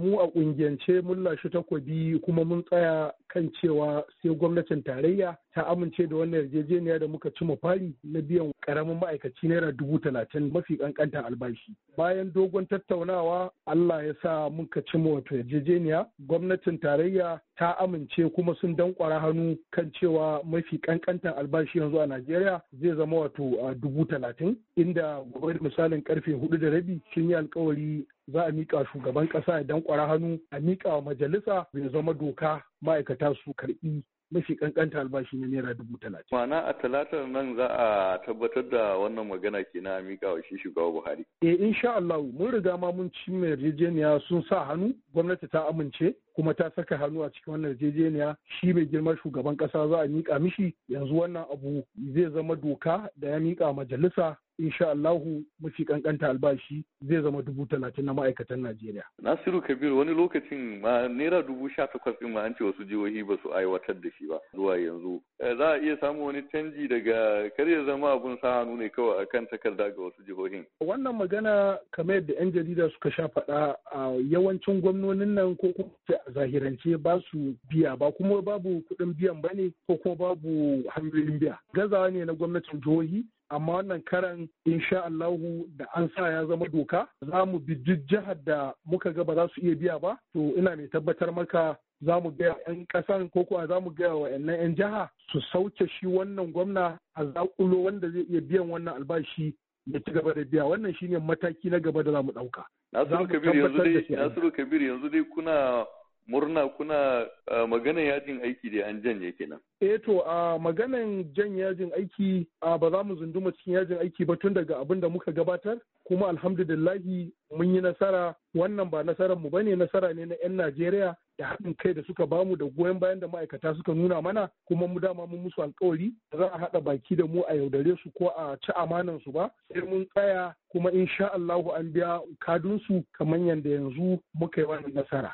mu a kungiyance mun lashi takobi kuma mun tsaya kan cewa sai gwamnatin tarayya ta amince da wannan yarjejeniya da muka ci fari na biyan karamin ma'aikaci naira dubu talatin mafi kankantan albashi bayan dogon tattaunawa allah ya sa muka ci wato yarjejeniya gwamnatin tarayya ta amince kuma sun dankwara hannu kan cewa mafi kankantan albashi yanzu a najeriya zai zama wato a dubu talatin inda gobe misalin karfe hudu da rabi sun yi alkawari za a miƙa shugaban ƙasa ya dankwara hannu a miƙa wa majalisa bai zama doka ma'aikata su karɓi mafi kankanta albashi na naira dubu talatin. Mana a talatar nan za a tabbatar da wannan magana ke na mika wa shi shugaba Buhari. Eh insha Allah mun riga ma mun ci mai yarjejeniya sun sa hannu gwamnati ta amince kuma ta saka hannu a cikin wannan yarjejeniya shi mai girma shugaban ƙasa za a mika mishi yanzu wannan abu zai zama doka da ya mika majalisa insha Allahu mafi kankanta albashi zai zama dubu talatin na ma'aikatan Najeriya. Nasiru Kabiru wani lokacin ma naira dubu sha takwas ɗin ma an ce wasu jihohi ba su aiwatar da shi ba zuwa yanzu. Eh, za a iya samun wani canji daga kar ya zama abun sa hannu ne kawai akan takarda ga wasu jihohin. Wannan magana kamar yadda 'yan jarida suka sha faɗa a yawancin gwamnonin nan ko kuma a zahirance ba su biya ba kuma babu kuɗin biyan ba ne ko kuma babu hanyoyin biya. Gazawa ne na gwamnatin jihohi amma wannan karan insha Allahu da an sa ya zama doka za mu bi duk jihar da muka ga ba za su iya biya ba to ina mai tabbatar maka za mu gaya 'yan kasan ko kuwa za mu gaya wa 'yan jiha su sauke shi wannan gwamna a zakulo wanda zai iya biyan wannan albashi ya ci gaba da biya wannan shine mataki na gaba da za mu ɗauka. Nasiru Kabir yanzu dai kuna murna kuna uh, maganan yajin aiki da an janye kenan. Eh to a maganan jan yajin aiki ba za mu zunduma cikin yajin aiki ba tun daga abin da muka gabatar kuma alhamdulillahi mun yi nasara wannan ba nasarar mu bane nasara ne na 'yan Najeriya da haɗin kai da suka bamu da goyon bayan da ma'aikata suka nuna mana kuma mu dama mun musu alkawari da za a haɗa baki da mu a yaudare su ko a ci amanan su ba sai mun tsaya kuma insha Allahu an biya kadun su, kamar yadda yanzu muka yi wannan nasara.